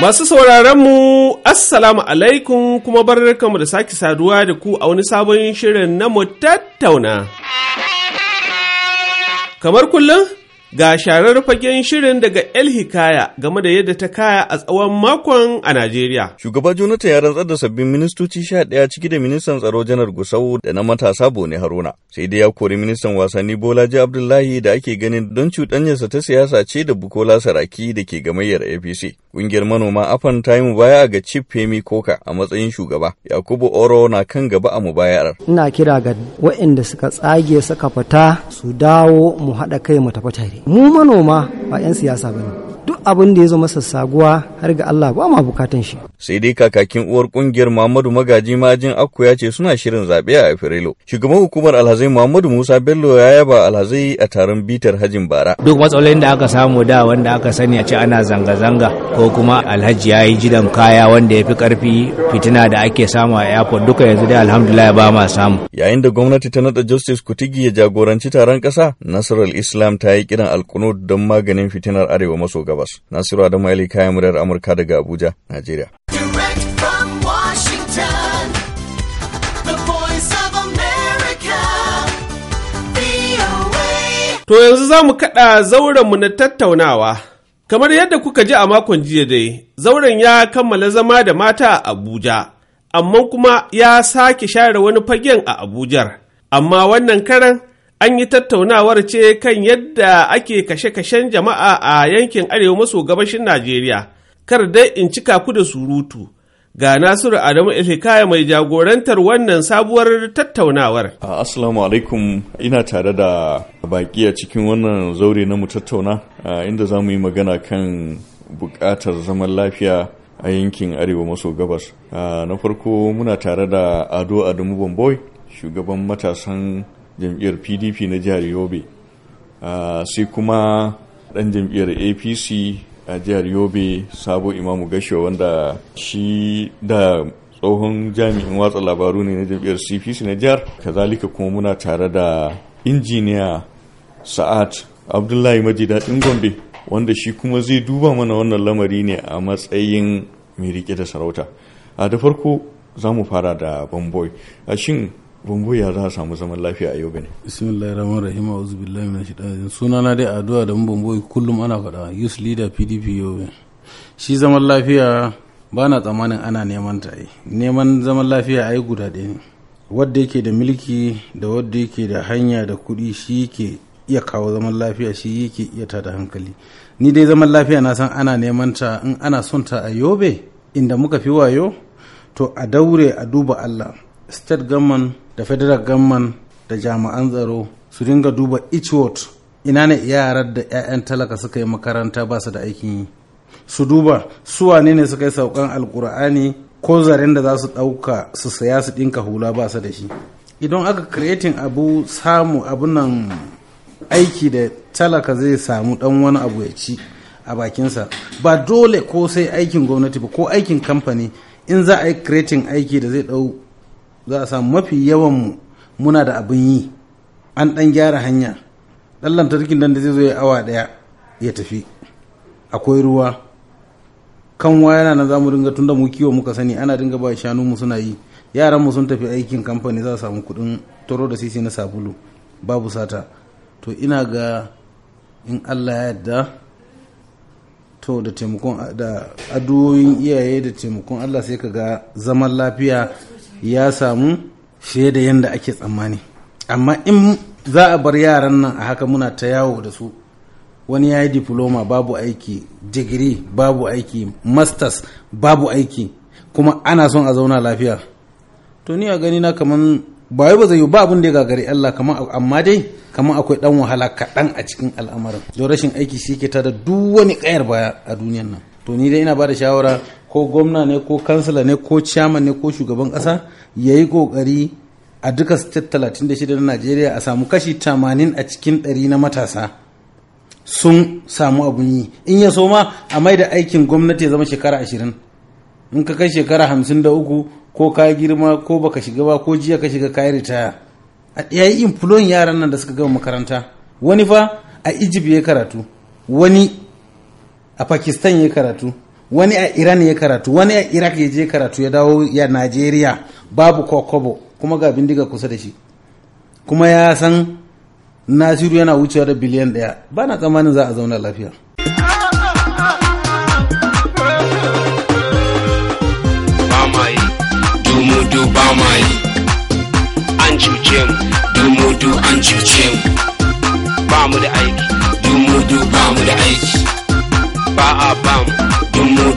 Masu sauraron mu Assalamu alaikum kuma barkanmu da sake saduwa da ku a wani sabon shirin na mu tattauna. Kamar kullum ga sharar fagen shirin daga El Hikaya game da yadda ta kaya a tsawon makon a Najeriya. Shugaba Jonathan ya rantsar da sabbin ministoci sha ɗaya ciki da ministan tsaro Janar Gusau da na matasa Bone Haruna. Sai dai ya kori ministan wasanni Bolaji Abdullahi da ake ganin don cuɗanyarsa ta siyasa ce da Bukola Saraki da ke gamayyar APC. Ƙungiyar manoma afan ta yi mubaya ga Chief Femi Koka a matsayin shugaba. Yakubu Oro na kan gaba a mubayar. Ina kira ga waɗanda suka tsage suka fita su dawo mu haɗa kai mu tafi tare. Mu manoma ba 'yan siyasa ba abin da ya zama sassaguwa har ga Allah ba ma bukatan shi. Sai dai kakakin uwar kungiyar Muhammadu Magaji Majin Akku ya ce suna shirin zaɓe a Afrilu. Shugaban hukumar Alhazai Muhammadu Musa Bello ya yaba Alhazai a taron bitar hajin bara. Duk matsalolin da aka samu da wanda aka sani a ce ana zanga-zanga ko kuma Alhaji ya yi jidan kaya wanda ya fi karfi fitina da ake samu a airport duka yanzu dai alhamdulillah ba ma samu. Yayin da gwamnati ta nada Justice Kutigi ya jagoranci taron ƙasa, Nasarar Islam ta yi kiran alkunu don maganin fitinar Arewa maso gabas. Nasiru Adamu Ali kayan murar Amurka daga Abuja, Najeriya. To yanzu za mu kaɗa zaurenmu na tattaunawa. Kamar yadda kuka ji a makon jiya dai, zauren ya kammala zama da mata a Abuja, amma kuma ya sake share wani fagen a Abujar. Amma wannan karan An yi tattaunawar ce kan yadda ake kashe-kashen jama'a a yankin arewa maso gabashin Najeriya, kar dai in cika ku da surutu. ga Nasiru Adamu Ilhikaya mai jagorantar wannan sabuwar tattaunawar. Assalamu alaikum ina tare da baki a cikin wannan zaure na mu tattauna inda za mu yi magana kan bukatar zaman lafiya a yankin arewa maso gabas. Na farko muna tare da Ado Adamu bamboi shugaban matasan jam'iyyar pdp na jihar yobe ah, sai kuma ɗan jam'iyyar apc a jihar yobe sabo imamu gashe wanda shi da tsohon jami'in watsa labaru ne na jam'iyyar cpc na jihar kazalika kuma muna tare da injiniya sa'ad abdullahi maji daɗin gombe wanda shi kuma zai duba mana wannan lamari ne a matsayin mai rike da sarauta a ah, da farko za mu fara da bamboy a ah, shin Bambu ya za a samu zaman lafiya a yau ne. Bismillahir Rahmanir Rahim a'udhu billahi minash shaitanir Suna na dai addu'a da Bambu kullum ana faɗa yus leader PDP yobe Shi zaman lafiya ba na tsammanin ana neman ta yi. Neman zaman lafiya ai guda ɗaya ne. Wadda yake da mulki da wadda yake da hanya da kuɗi shi yake iya kawo zaman lafiya shi yake iya tada hankali. Ni dai zaman lafiya na san ana neman ta in ana son ta a yobe inda muka fi wayo to a daure a duba Allah. State government da federal gamman da jami'an tsaro su dinga duba each ina ne yaran da 'ya'yan talaka suka yi makaranta ba su da aikin yi su duba su wane ne suka yi saukan alkur'ani ko zaren da za su ɗauka su saya su ɗinka hula ba su da shi idan aka creating abu samu abun nan aiki da talaka zai samu dan wani abu ya ci a bakinsa ba dole ko sai aikin gwamnati ba ko aikin kamfani in za a yi creating aiki da zai ɗau za a samu mafi yawan mu muna da abin yi an ɗan gyara hanya ɗan lantarkin nan da zai zo ya awa daya ya tafi akwai ruwa kanwa na nan mu dinga tunda mu kiwo muka sani ana dinga ba shanu mu suna yi yaran mu sun tafi aikin kamfani za su samu kuɗin toro da sisi na sabulu babu sata to ina ga in Allah ya yarda to da taimakon da addu'o'in iyaye da taimakon Allah sai ka ga zaman lafiya ya samu fiye da yadda ake tsammani amma in za a bar yaran nan a haka muna ta yawo da su wani ya yi diploma babu aiki digiri babu aiki masters babu aiki kuma ana son a zauna lafiya to ni a gani na kaman ba ba zai yi ba abin da ya gagari Allah kaman amma dai kaman akwai dan wahala kaɗan a cikin al'amarin don rashin aiki shi ke tada duk wani kayar baya a duniyan nan to ni dai ina ba da shawara ko gwamna ne ko kansila ne ko ciyaman ne ko shugaban kasa ya yi ƙoƙari a duka state 36 na najeriya a samu kashi 80 a cikin 100 na matasa sun samu abun yi in ya so ma a mai aikin gwamnati ya zama shekara 20 in ka kai shekara 53 ko ka girma ko baka shiga ba ko jiya ka shiga ka ritaya ya yi influence yaran nan da suka gama makaranta wani fa a egypt ya karatu wani a pakistan ya karatu wani a iran ya karatu wani a iraq ya je karatu ya dawo ya najeriya babu kokobo kuma ga bindiga kusa da shi kuma ya san nasiru yana wucewa da biliyan daya ba na tsammanin za a zauna lafiya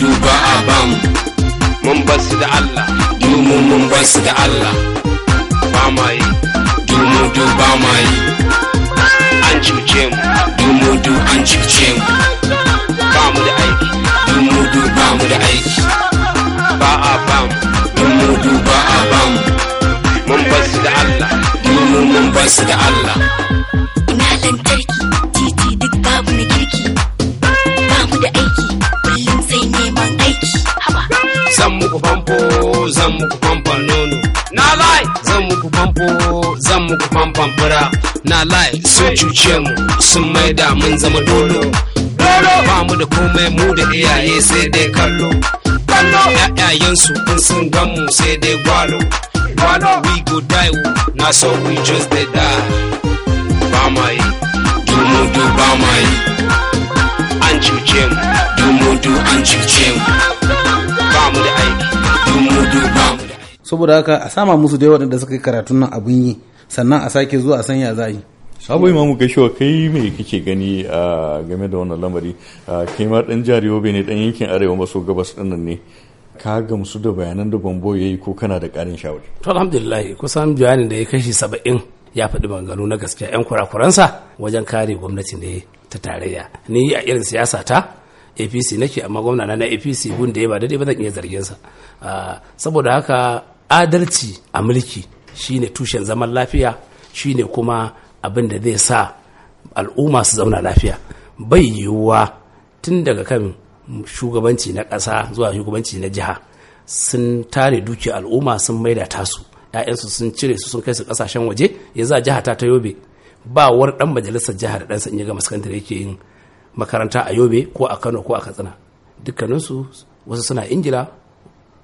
mudu ba a bamu. mun basu da Allah dumu mun basu da Allah ba ma yi dumu du ba ma yi an cuce mu dumu du an cuce mu ba mu da aiki dumu du ba mu da aiki ba a bamu. mu dumu du ba a ba mu mun basu da Allah dumu mun basu da Allah muku famfan nono na lai zan muku famfo zan muku famfan fura na lai sun cuce mu sun da mun zama dolo dolo ba mu da komai mu da iyaye sai dai kallo kallo ƴaƴayensu kun sun gan mu sai dai gwalo gwalo we go die na so we just dey die ba ma mu du. ba mai an cuce mu du. an cuce mu ba mu da aiki dumudu saboda haka a sama musu dai waɗanda suka yi karatun nan abin yi sannan a sake zuwa a sanya za yi sabo imamu gashiwa kai me kake gani a ah, game da wannan lamari ah, kai ma dan jihar yobe ne dan yankin arewa maso gabas dinnan ne ka gamsu da bayanan da bambo yayi ko kana da karin shawari to alhamdulillah kusan bayanin da ya kashi saba'in ya faɗi maganganu na gaskiya yan kurakuransa wajen kare gwamnati ne ta tarayya ni a irin siyasa ta apc nake amma gwamna na apc gun da ya ba daidai ba zan iya zargin sa ah, saboda haka adalci a mulki shine tushen zaman lafiya shine kuma abin da zai sa al'umma su zauna lafiya bai yiwuwa tun daga kan shugabanci na ƙasa zuwa shugabanci na jiha sun tare duki al'umma sun maida tasu ‘ya'yansu sun cire su sun kai su ƙasashen waje ya za jiha ta ta yobe ba war ɗan majalisar jiha da ɗansa in yi gama sakandare yake yin makaranta a yobe ko a kano ko a katsina dukkaninsu wasu suna ingila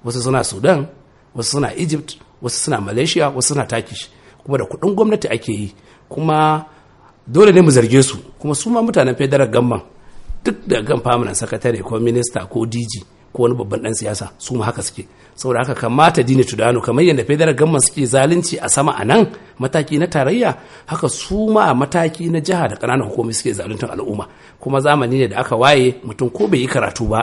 wasu suna sudan wasu suna egypt wasu suna malaysia wasu suna turkish kuma da kuɗin gwamnati ake yi kuma dole ne mu zarge su kuma su ma mutanen federal gamman duk da gan famanan sakatare ko minista ko dg ko wani babban dan siyasa su ma haka suke saboda haka kamata dini tudano kamar yadda federal gamman suke zalunci a sama a nan mataki na tarayya haka su ma a mataki na jiha da ƙananan hukumomi suke zaluntar al'umma kuma zamani ne da aka waye mutum ko bai yi karatu ba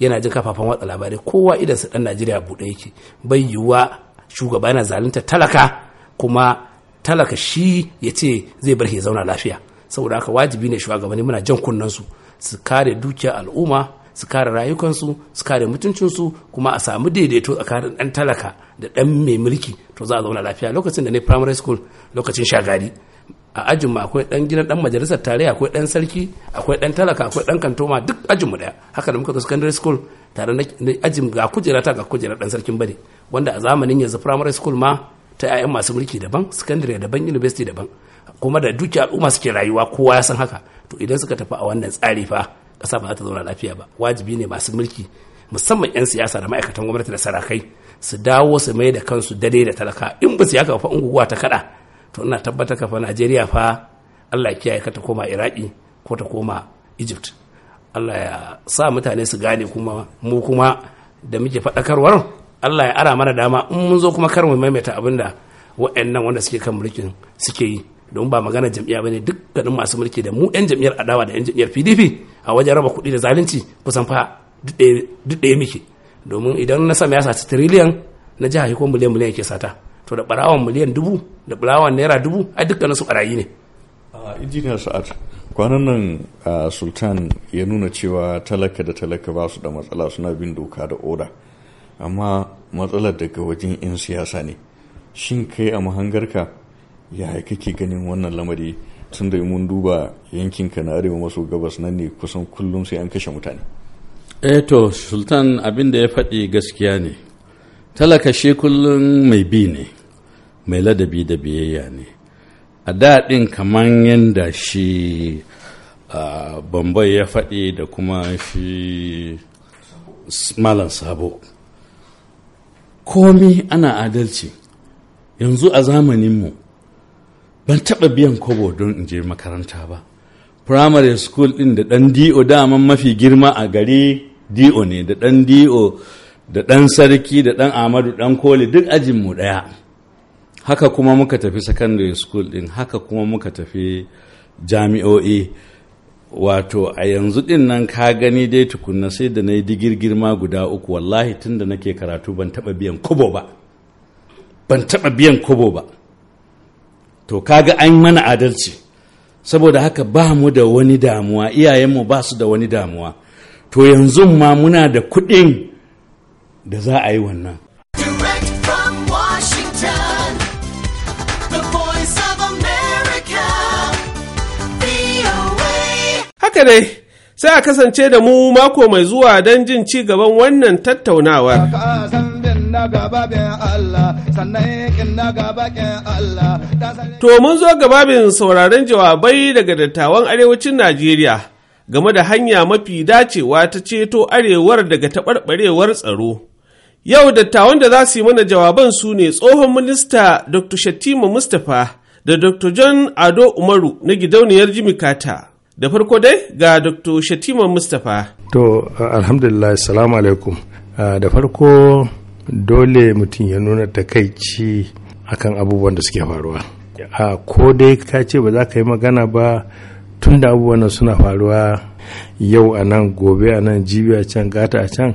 yana jin kafafen watsa labarai kowa idan su dan najeriya buɗe yake bai yiwuwa shugaba yana zalunta talaka kuma talaka shi ya ce zai bar ya zauna lafiya saboda haka wajibi ne shugabanni muna jan kunnen su su kare dukiyar al'umma su kare rayukansu su kare mutuncinsu kuma a samu daidaito tsakanin dan talaka da dan mai mulki to za a zauna lafiya lokacin da ne primary school lokacin shagari a ajinmu akwai dan gidan dan majalisar tarayya akwai dan sarki akwai dan talaka akwai dan kantoma duk ajinmu daya haka da muka ga secondary school tare na ajin ga kujera ta ga kujera dan sarkin bari wanda a zamanin yanzu primary school ma ta yayan masu mulki daban secondary daban university daban kuma da duki al'umma suke rayuwa kowa ya san haka to idan suka tafi a wannan tsari fa kasa ba za ta zauna lafiya ba wajibi ne masu mulki musamman 'yan siyasa da ma'aikatan gwamnati da sarakai su dawo su mai da kansu dare da talaka in ba su yaka fa unguwa ta kada to ina tabbata ka fa Najeriya fa Allah ya kiyaye ka ta koma Iraki ko ta koma Egypt Allah ya sa mutane su gane kuma mu kuma da muke faɗakarwar Allah ya ara mana dama in mun zo kuma kar mu maimaita abinda wa'annan wanda suke kan mulkin suke yi don ba magana jam'iyya bane dukkanin masu mulki da mu yan jam'iyyar adawa da yan jam'iyyar PDP a wajen raba kuɗi da zalunci kusan fa duk ɗaya muke domin idan na sami ya saci tiriliyan na jiha ko miliyan miliyan yake sata to da barawan miliyan dubu da barawan naira dubu a dukkanin su barayi ne injiniyar sa'ad kwanan nan sultan ya nuna cewa talaka da talaka ba su da matsala suna bin doka da oda amma matsalar daga wajen 'yan siyasa ne shin kai a mahangarka ya kake ganin wannan lamari tun da mun duba yankinka na arewa maso gabas nan ne kusan kullum sai an kashe mutane Eto, eh sultan abin da ya faɗi gaskiya ne talaka shi kullum mai bi ne mai ladabi da biyayya ne a daɗin kamar yadda shi bambai ya faɗi da kuma shi malam sabo komi ana adalci yanzu a zamaninmu ban taɓa biyan kobo don in je makaranta ba primary school ɗin da ɗan do daman mafi girma a gari do ne da ɗan do da ɗan sarki da ɗan amadu ɗan koli duk ajinmu ɗaya haka kuma muka tafi secondary school din haka kuma muka tafi jami'o'i wato a yanzu din nan ka gani dai tukunna sai da na yi digirgirma guda uku wallahi tun da nake karatu ban taba biyan kobo ba ban taba biyan kobo ba to kaga an mana adalci saboda haka ba mu da wani damuwa iyayenmu ba su da wani damuwa to yanzu ma muna da kuɗin da za a yi wannan haka dai sai a kasance da mu mako mai zuwa don jin ci gaban wannan tattaunawar. To mun zo gababin sauraron jawabai daga dattawan arewacin Najeriya game da hanya mafi dacewa ta ceto arewar daga taɓarɓarewar tsaro. Yau dattawan da za su yi mana jawaban su ne tsohon minista Dr. Shatima Mustapha da Dr. John Ado Umaru na gidauniyar Jimikata. Da farko dai ga Dr. Shatima Mustapha. To, alhamdulillah, salamu alaikum. Da farko dole mutum ya nuna takaici akan abubuwan da suke faruwa. A ko dai ka ce ba za ka yi magana ba tun da abubuwan suna faruwa yau a nan gobe a nan jibi a can gata a can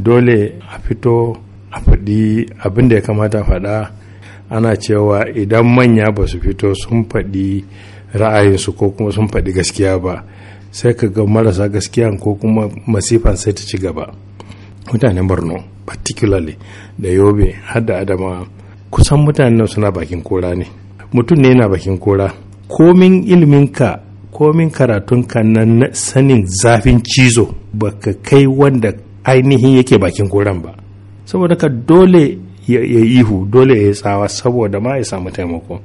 dole a fito a faɗi abin da ya kamata faɗa ana cewa idan manya ba su fito sun faɗi ra'ayinsu ko kuma sun faɗi gaskiya ba sai ka ga marasa gaskiya ko kuma masifan sai ta ci gaba mutanen borno particularly da yobe har da adama kusan mutanen suna bakin kora ne mutum ne yana bakin kora komin iliminka komin karatunka na sanin zafin cizo baka kai wanda ainihin yake bakin koran ba saboda ka dole ya ihu dole ya yi tsawa saboda ma ya samu taimako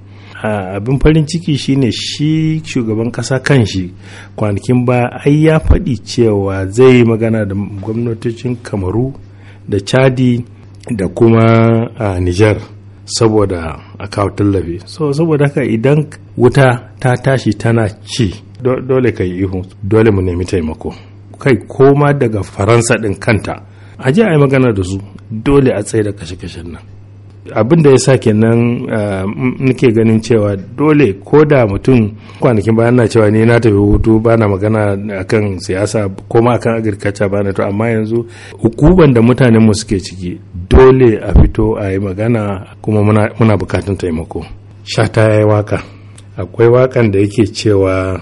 abin farin ciki shine shi shugaban kasa kan shi kwanakin ba ai ya faɗi cewa zai yi magana da gwamnatocin kamaru da chadi da kuma a niger saboda a kawo tallafi so saboda haka idan wuta ta tashi tana ci dole ka yi ihu dole mu nemi taimako kai koma daga faransa ɗin kanta a ji a yi magana da su dole a tsaye da kashe-kashen nan abin da ya sa kenan eh, nake ganin cewa dole ko da mutum kwanakin bayan na cewa ni na tafi hutu ba na magana akan siyasa ko ma akan agirkaca ba na to amma yanzu hukuban da mutanen mu suke ciki dole a fito a yi magana kuma muna bukatun taimako shata ya yi waka akwai wakan da yake cewa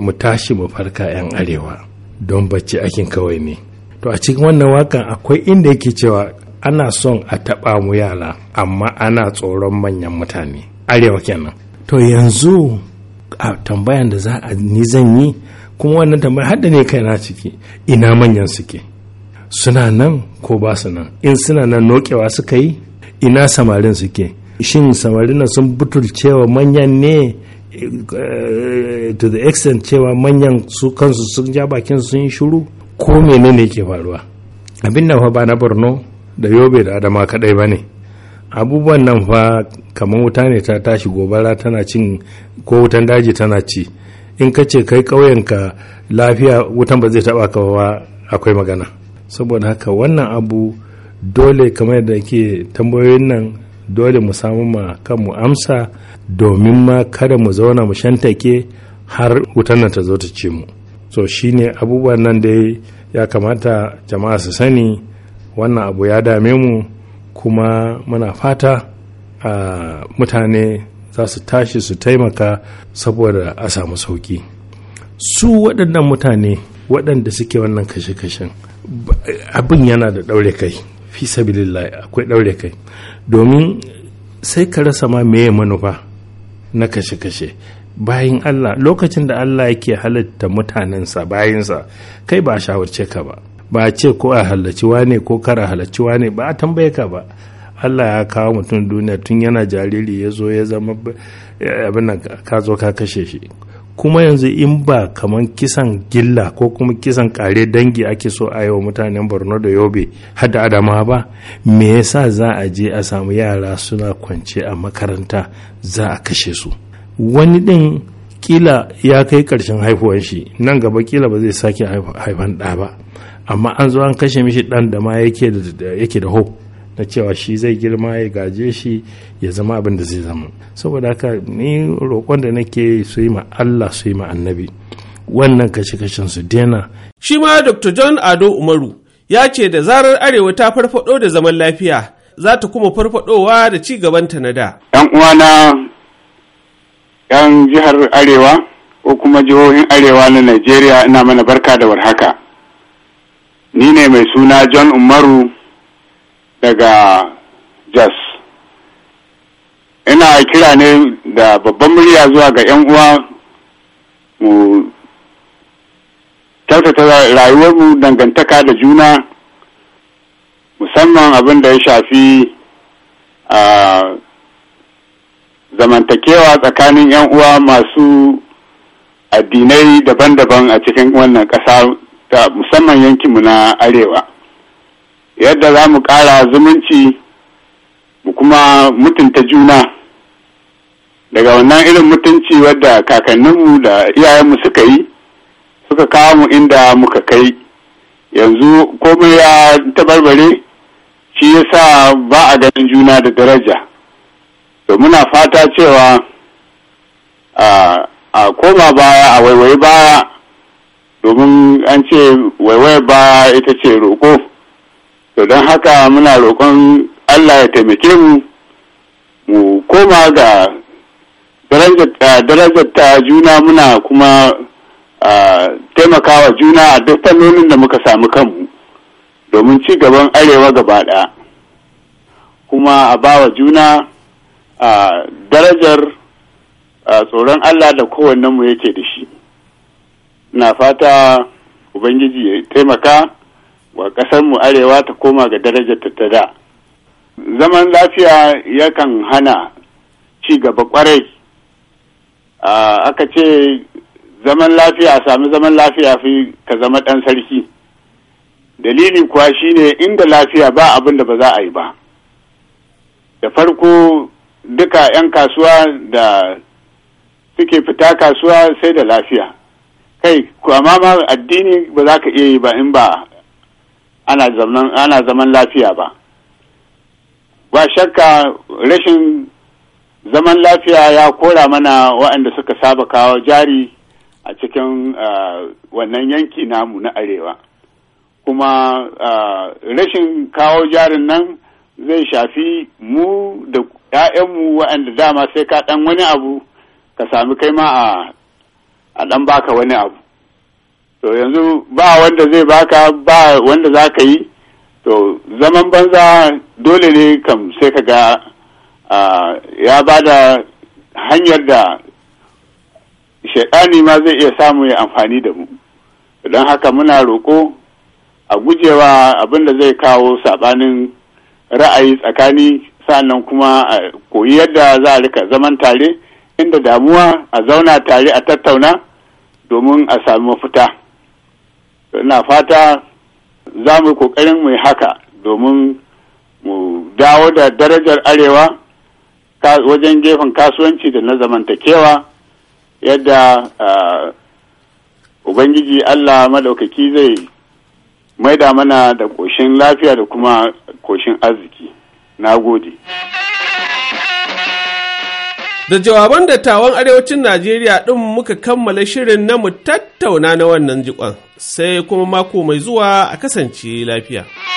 mu tashi mu farka 'yan arewa don bacci akin kawai ne to a cikin wannan wakan akwai inda yake cewa ana son a taɓa mu yara amma ana tsoron manyan mutane arewa kenan to yanzu a tambayan da za a ni zan yi kuma wannan tambaya hada ne ne kaina ciki ina manyan suke suna nan ko ba su nan in suna nan nokewa suka yi ina samarin suke shin samarin sun butulcewa manyan ne eh, to the extent cewa manyan su kansu sun ja bakin sun yi shuru ko menene ke faruwa abin nan fa ba na borno da yobe da adama kadai ba ne abubuwan nan fa kamar wuta ne ta tashi gobara tana cin ko wutan daji tana ci in ka ce kai ƙauyenka lafiya wutan ba zai taɓa ka ba akwai magana saboda haka wannan abu dole kamar da ke tambayoyin nan dole mu samu ma kan mu amsa domin ma kada mu zauna mu shantake har wutan nan ta zo ta ce mu so shine abubuwan nan dai ya kamata jama'a su sani wannan abu ya dame mu kuma muna fata a mutane za su tashi su taimaka saboda a samu sauki su waɗannan mutane waɗanda suke wannan kashe-kashen abin yana da ɗaure kai fi sabilillah akwai ɗaure kai domin sai ka rasa ma meye manufa na kashe-kashe bayan Allah lokacin da Allah yake halitta mutanensa bayansa kai ba a shawarce ka ba ba a ce ko a halarci wane ko kar a halarci wane ba a tambaye ka ba Allah ya kawo mutum duniya tun yana jariri ya zo ya zama abin ka zo ka kashe shi kuma yanzu in ba kamar kisan gilla ko kuma kisan kare dangi ake so a wa mutanen borno da yobe har adama ba me yasa za a je a samu yara suna kwance a makaranta za a kashe su wani din kila ya kai karshen haifuwan shi nan gaba kila ba zai sake haifan da ba amma an zo an kashe mishi dan da ma yake da hope na cewa shi zai girma ya gaje shi ya zama abin da zai zama saboda haka ni roƙon da nake su yi ma Allah su yi ma annabi wannan kashe-kashen su dena shi ma Dr. John Ado Umaru ya ce da zarar arewa ta farfado da zaman lafiya za ta kuma farfadowa da ci gaban ta na da yan na, yan jihar arewa ko kuma jihohin arewa na Najeriya ina mana barka da warhaka ni ne mai suna john umaru daga jos ina kira ne da babban murya zuwa ga 'yan uwa mu kyaftata rayuwarmu dangantaka da juna musamman abin da ya shafi a zamantakewa tsakanin 'yan uwa masu addinai daban-daban a cikin wannan ƙasa ta musamman mu na arewa yadda za mu ƙara zumunci mu kuma mutunta juna daga wannan irin mutunci wadda kakanninmu da iyayenmu suka yi suka kawo mu inda muka kai yanzu komai ya tabarbare shi yasa ba a ganin juna da daraja to muna fata cewa a koma baya a waiwayi baya domin an ce waiwai ba ita ce roƙo to don haka muna roƙon allah ya taimake mu mu koma ga darajar ta juna muna kuma taimakawa juna a duk fannonin da muka samu kanmu domin ci gaban arewa gaba ɗaya kuma a bawa juna a darajar tsoron allah da kowannenmu yake da shi na fata ubangiji ya taimaka wa ƙasarmu arewa ta koma ga darajar ta da zaman lafiya yakan hana ci gaba kwarai aka ce zaman lafiya sami zaman lafiya fi ka zama ɗan sarki dalili kuwa shine inda lafiya ba abin da ba za a yi ba da farko duka 'yan kasuwa da suke fita kasuwa sai da lafiya kai amma ma addini ba za ka iya yi ba in ba ana zaman ana zaman lafiya ba ba shakka rashin zaman lafiya ya kora mana waɗanda suka saba kawo jari a cikin wannan yanki namu na arewa kuma rashin kawo jarin nan zai shafi mu da ‘ya'yanmu waɗanda dama sai ka ɗan wani abu ka sami kai ma a a ɗan baka wani abu to yanzu ba wanda zai baka ba wanda za ka yi to zaman banza dole ne kam sai ka ga ya ba da hanyar da shaidani ma zai iya samu ya amfani da mu don haka muna roƙo a gujewa abin da zai kawo saɓanin ra'ayi tsakani sannan kuma a koyi yadda za a rika zaman tare inda damuwa a zauna tare a tattauna domin a sami mafita na fata za mu ƙoƙarin mai haka domin mu dawo da darajar arewa wajen gefen kasuwanci da na zamantakewa yadda ubangiji allah maɗaukaki zai maida mana da ƙoshin lafiya da kuma ƙoshin arziki na gode Da jawaban dattawan arewacin Najeriya ɗin muka kammala shirin na mu tattauna na wannan jikon, sai kuma mako mai zuwa a kasance lafiya.